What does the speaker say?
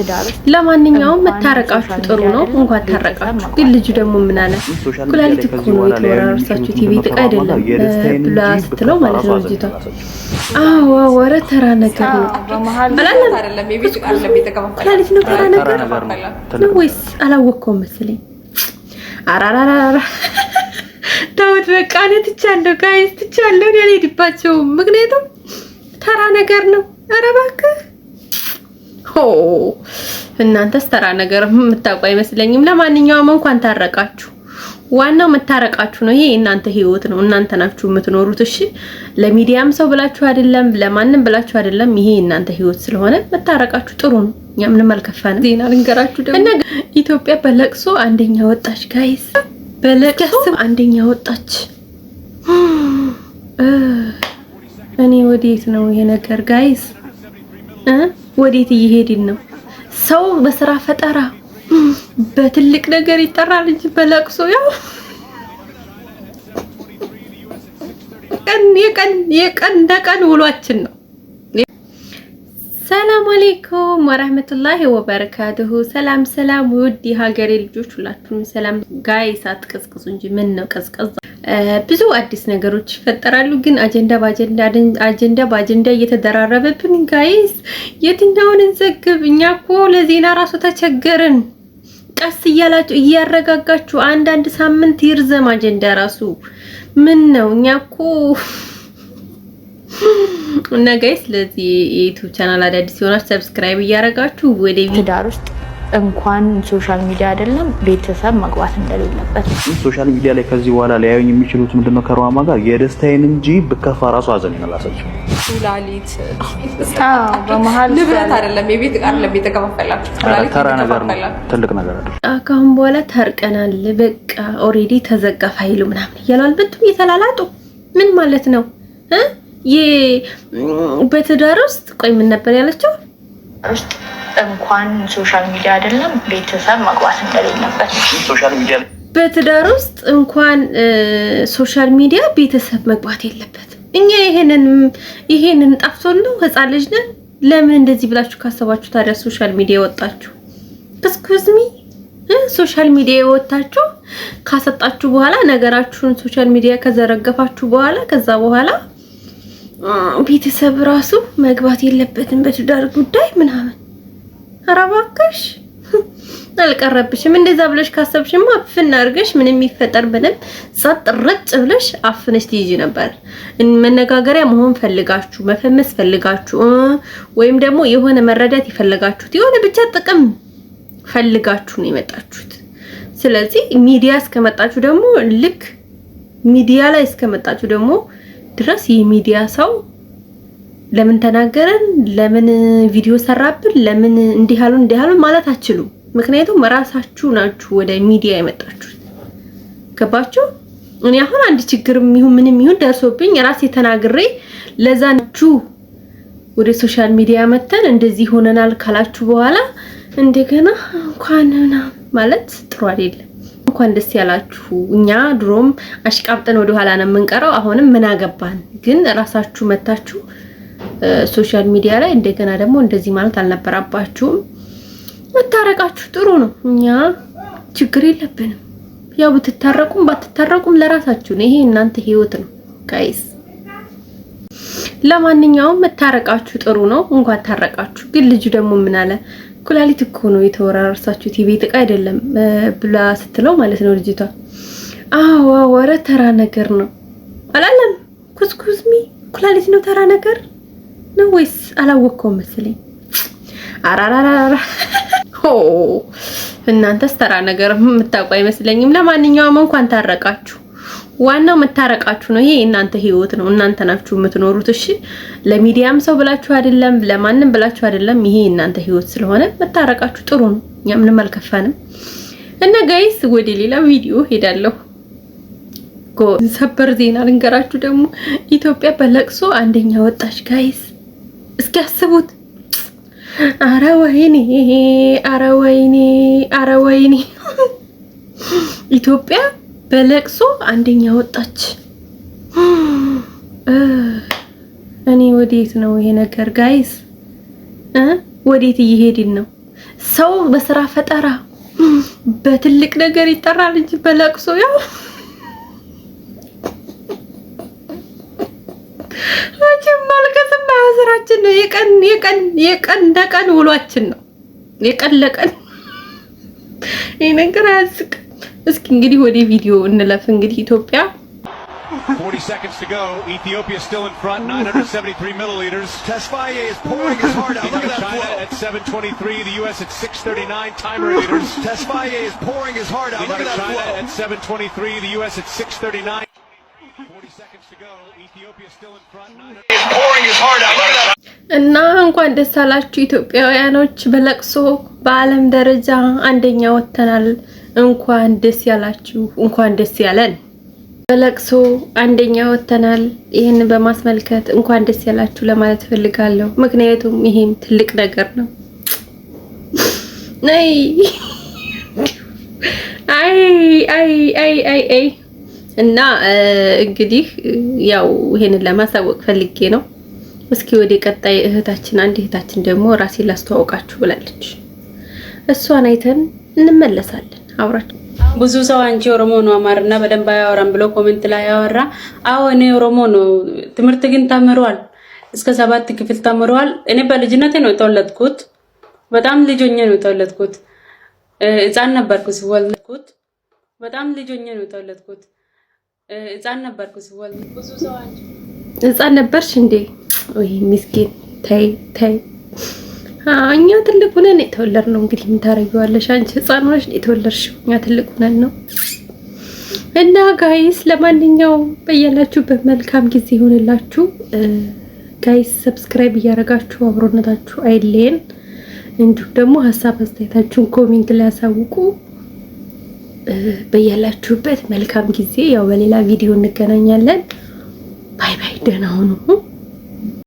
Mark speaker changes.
Speaker 1: ትዳር። ለማንኛውም መታረቃችሁ ጥሩ ነው፣ እንኳን ታረቃችሁ። ግን ልጁ ደግሞ ምን አለ? ኩላሊት እኮ ነው የተወራረሳችሁ ቲቪ ጥቃ አይደለም ብላ ስትለው ማለት ነው ልጅቷ። አዎ ወረ ተራ ነገር ነው ኩላሊት ነው ተራ ነገር ነው ወይስ አላወቅከውም መሰለኝ። አራራራራ ዳዊት በቃ እኔ ትቻለሁ፣ ጋይስ ትቻለሁ። እኔ አልሄድባቸውም፣ ምክንያቱም ተራ ነገር ነው። ኧረ እባክህ ሆ እናንተስ ተራ ነገር የምታውቁ አይመስለኝም። ለማንኛውም እንኳን ታረቃችሁ። ዋናው መታረቃችሁ ነው። ይሄ የእናንተ ህይወት ነው። እናንተ ናችሁ የምትኖሩት። እሺ ለሚዲያም ሰው ብላችሁ አይደለም፣ ለማንም ብላችሁ አይደለም። ይሄ የእናንተ ህይወት ስለሆነ መታረቃችሁ ጥሩ ነው። እኛ ምንም አልከፋንም። ዜና ልንገራችሁ ደግሞ ኢትዮጵያ በለቅሶ አንደኛ ወጣች። ጋይስ በለቅሶ አንደኛ ወጣች። እኔ ወዴት ነው ይሄ ነገር ጋይስ? ወዴት እየሄድን ነው? ሰው በስራ ፈጠራ በትልቅ ነገር ይጠራል እንጂ በለቅሶ ያው ቀን የቀን የቀን ደቀን ውሏችን ነው። ሰላም አለይኩም ወራህመቱላሂ ወበረካቱሁ። ሰላም ሰላም፣ ውድ የሀገሬ ልጆች ሁላችሁም ሰላም። ጋይስ አትቀዝቅዙ እንጂ ምን ነው ቀዝቀዝ ብዙ አዲስ ነገሮች ይፈጠራሉ። ግን አጀንዳ በአጀንዳ አጀንዳ በአጀንዳ እየተደራረበብን ጋይስ፣ የትኛውን እንዘግብ? እኛ እኮ ለዜና ራሱ ተቸገርን። ቀስ እያላችሁ እያረጋጋችሁ አንዳንድ ሳምንት ይርዘም አጀንዳ ራሱ ምን ነው እኛ እኮ እና ጋይስ፣ ለዚህ የዩቲዩብ ቻናል አዳዲስ የሆናችሁ ሰብስክራይብ እያረጋችሁ ወደ ትዳር ውስጥ እንኳን ሶሻል ሚዲያ አይደለም ቤተሰብ መግባት እንደሌለበት።
Speaker 2: ሶሻል ሚዲያ ላይ ከዚህ በኋላ ሊያዩኝ የሚችሉት ምንድነው? ከሩሃማ ጋር የደስታዬን እንጂ ብከፋ ራሱ ሀዘኔን አላሳቸው።
Speaker 1: ኩላሊት የቤት ዕቃ
Speaker 2: ተራ ነገር ነው፣ ትልቅ ነገር
Speaker 1: አይደለም። ከአሁን በኋላ ተርቀናል፣ በቃ ኦሬዲ ተዘጋ ፋይሉ ምናምን እያሏል። ብቱም የተላላጡ ምን ማለት ነው? ይህ በትዳር ውስጥ ቆይ ምን ነበር ያለችው? ውስጥ እንኳን ሶሻል ሚዲያ አይደለም ቤተሰብ መግባት እንደሌለበት በትዳር ውስጥ እንኳን ሶሻል ሚዲያ ቤተሰብ መግባት የለበት። እኛ ይሄንን ይሄንን ጠፍቶን ነው ህፃን ልጅ ነን። ለምን እንደዚህ ብላችሁ ካሰባችሁ ታዲያ ሶሻል ሚዲያ የወጣችሁ እስኩዝሚ ሶሻል ሚዲያ የወጣችሁ ካሰጣችሁ በኋላ ነገራችሁን ሶሻል ሚዲያ ከዘረገፋችሁ በኋላ ከዛ በኋላ ቤተሰብ ራሱ መግባት የለበትም በትዳር ጉዳይ ምናምን። ኧረ እባክሽ አልቀረብሽም። እንደዛ ብለሽ ካሰብሽማ አፍን አድርገሽ ምንም የሚፈጠር ምንም ጸጥ ረጭ ብለሽ አፍነሽ ትይጂ ነበር። መነጋገሪያ መሆን ፈልጋችሁ መፈመስ ፈልጋችሁ ወይም ደግሞ የሆነ መረዳት የፈለጋችሁት የሆነ ብቻ ጥቅም ፈልጋችሁ ነው የመጣችሁት። ስለዚህ ሚዲያ እስከመጣችሁ ደግሞ ልክ ሚዲያ ላይ እስከመጣችሁ ደግሞ ድረስ የሚዲያ ሰው ለምን ተናገረን፣ ለምን ቪዲዮ ሰራብን፣ ለምን እንዲህ አሉን፣ እንዲህ አሉን ማለት አችሉ ምክንያቱም ራሳችሁ ናችሁ ወደ ሚዲያ የመጣችሁት። ገባችሁ? እኔ አሁን አንድ ችግር ይሁን ምንም ይሁን ደርሶብኝ ራሴ ተናግሬ ለዛ ወደ ሶሻል ሚዲያ መተን እንደዚህ ሆነናል ካላችሁ በኋላ እንደገና እንኳን ማለት ጥሩ አይደለም። እንኳን ደስ ያላችሁ። እኛ ድሮም አሽቃብጠን ወደኋላ ነው የምንቀረው። አሁንም ምን አገባን ግን ራሳችሁ መታችሁ ሶሻል ሚዲያ ላይ እንደገና ደግሞ እንደዚህ ማለት አልነበረባችሁም። መታረቃችሁ ጥሩ ነው። እኛ ችግር የለብንም። ያው ብትታረቁም ባትታረቁም ለራሳችሁ ነው። ይሄ እናንተ ህይወት ነው ጋይስ። ለማንኛውም መታረቃችሁ ጥሩ ነው። እንኳን ታረቃችሁ። ግን ልጁ ደግሞ ምን አለ? ኩላሊት እኮ ነው የተወራረሳችሁት የቤት እቃ አይደለም ብላ ስትለው ማለት ነው ልጅቷ። አዎ ወረ ተራ ነገር ነው አላለም። ኩስኩስሚ ኩላሊት ነው ተራ ነገር ነው ወይስ አላወቅከው መሰለኝ። አራራራራ ሆ እናንተስ ተራ ነገር የምታውቁ አይመስለኝም። ለማንኛውም እንኳን ታረቃችሁ። ዋናው መታረቃችሁ ነው። ይሄ የእናንተ ህይወት ነው። እናንተ ናችሁ የምትኖሩት። እሺ ለሚዲያም ሰው ብላችሁ አይደለም፣ ለማንም ብላችሁ አይደለም። ይሄ የእናንተ ህይወት ስለሆነ መታረቃችሁ ጥሩ ነው። እኛ ምንም አልከፋንም። እና ጋይስ ወደ ሌላ ቪዲዮ ሄዳለሁ። ሰበር ዜና ልንገራችሁ ደግሞ ኢትዮጵያ በለቅሶ አንደኛ ወጣች። ጋይስ እስኪ አስቡት። አረ ወይኔ፣ አረ ወይኔ፣ አረ ወይኔ ኢትዮጵያ በለቅሶ አንደኛ ወጣች። እኔ ወዴት ነው ይሄ ነገር ጋይስ? ወዴት እየሄድን ነው? ሰው በስራ ፈጠራ በትልቅ ነገር ይጠራል እንጂ በለቅሶ ያው መቼም ማልቀስም ስራችን ነው። የቀን የቀን የቀን ለቀን ውሏችን ነው። የቀን ለቀን ይሄ ነገር አያስቅም። እስኪ እንግዲህ ወደ ቪዲዮ እንለፍ። እንግዲህ ኢትዮጵያ እና እንኳን ደስ አላችሁ ኢትዮጵያውያኖች፣ በለቅሶ በዓለም ደረጃ አንደኛ ወጥተናል። እንኳን ደስ ያላችሁ፣ እንኳን ደስ ያለን። በለቅሶ አንደኛ ወጥተናል። ይህንን በማስመልከት እንኳን ደስ ያላችሁ ለማለት እፈልጋለሁ። ምክንያቱም ይሄም ትልቅ ነገር ነው። አይ አይ አይ አይ አይ እና እንግዲህ ያው ይሄንን ለማሳወቅ ፈልጌ ነው። እስኪ ወደ ቀጣይ እህታችን አንድ እህታችን ደግሞ ራሴ ላስተዋወቃችሁ ብላለች። እሷን አይተን እንመለሳለን። አብራችሁ ብዙ ሰው አንቺ ኦሮሞ ነው አማርና በደንብ አያወራም ብሎ ኮሜንት ላይ ያወራ። አዎ እኔ ኦሮሞ ነው። ትምህርት ግን ተምሯል፣ እስከ ሰባት ክፍል ተምሯል። እኔ በልጅነቴ ነው የተወለድኩት። በጣም ልጆኛ ነው የተወለድኩት። ህፃን ነበርኩ ሲወለድኩት። በጣም ልጆኛ ነው የተወለድኩት። ህፃን ነበርኩ ሲወለድኩት። ብዙ ሰው አንቺ ህፃን ነበርሽ እንዴ? ወይ ምስኪን! ተይ ተይ እኛ ትልቅ ሆነን የተወለድ ነው። እንግዲህ ምን ታረጊዋለሽ? አንቺ ህፃን ሆነሽ የተወለድሽው እኛ ትልቅ ሆነን ነው። እና ጋይስ ለማንኛውም በያላችሁበት መልካም ጊዜ ይሆንላችሁ። ጋይስ ሰብስክራይብ እያደረጋችሁ አብሮነታችሁ አይለየን። እንዲሁም ደግሞ ሀሳብ አስተያየታችሁን ኮሜንት ላይ ያሳውቁ። በያላችሁበት መልካም ጊዜ። ያው በሌላ ቪዲዮ እንገናኛለን። ባይ ባይ። ደህና ሁኑ።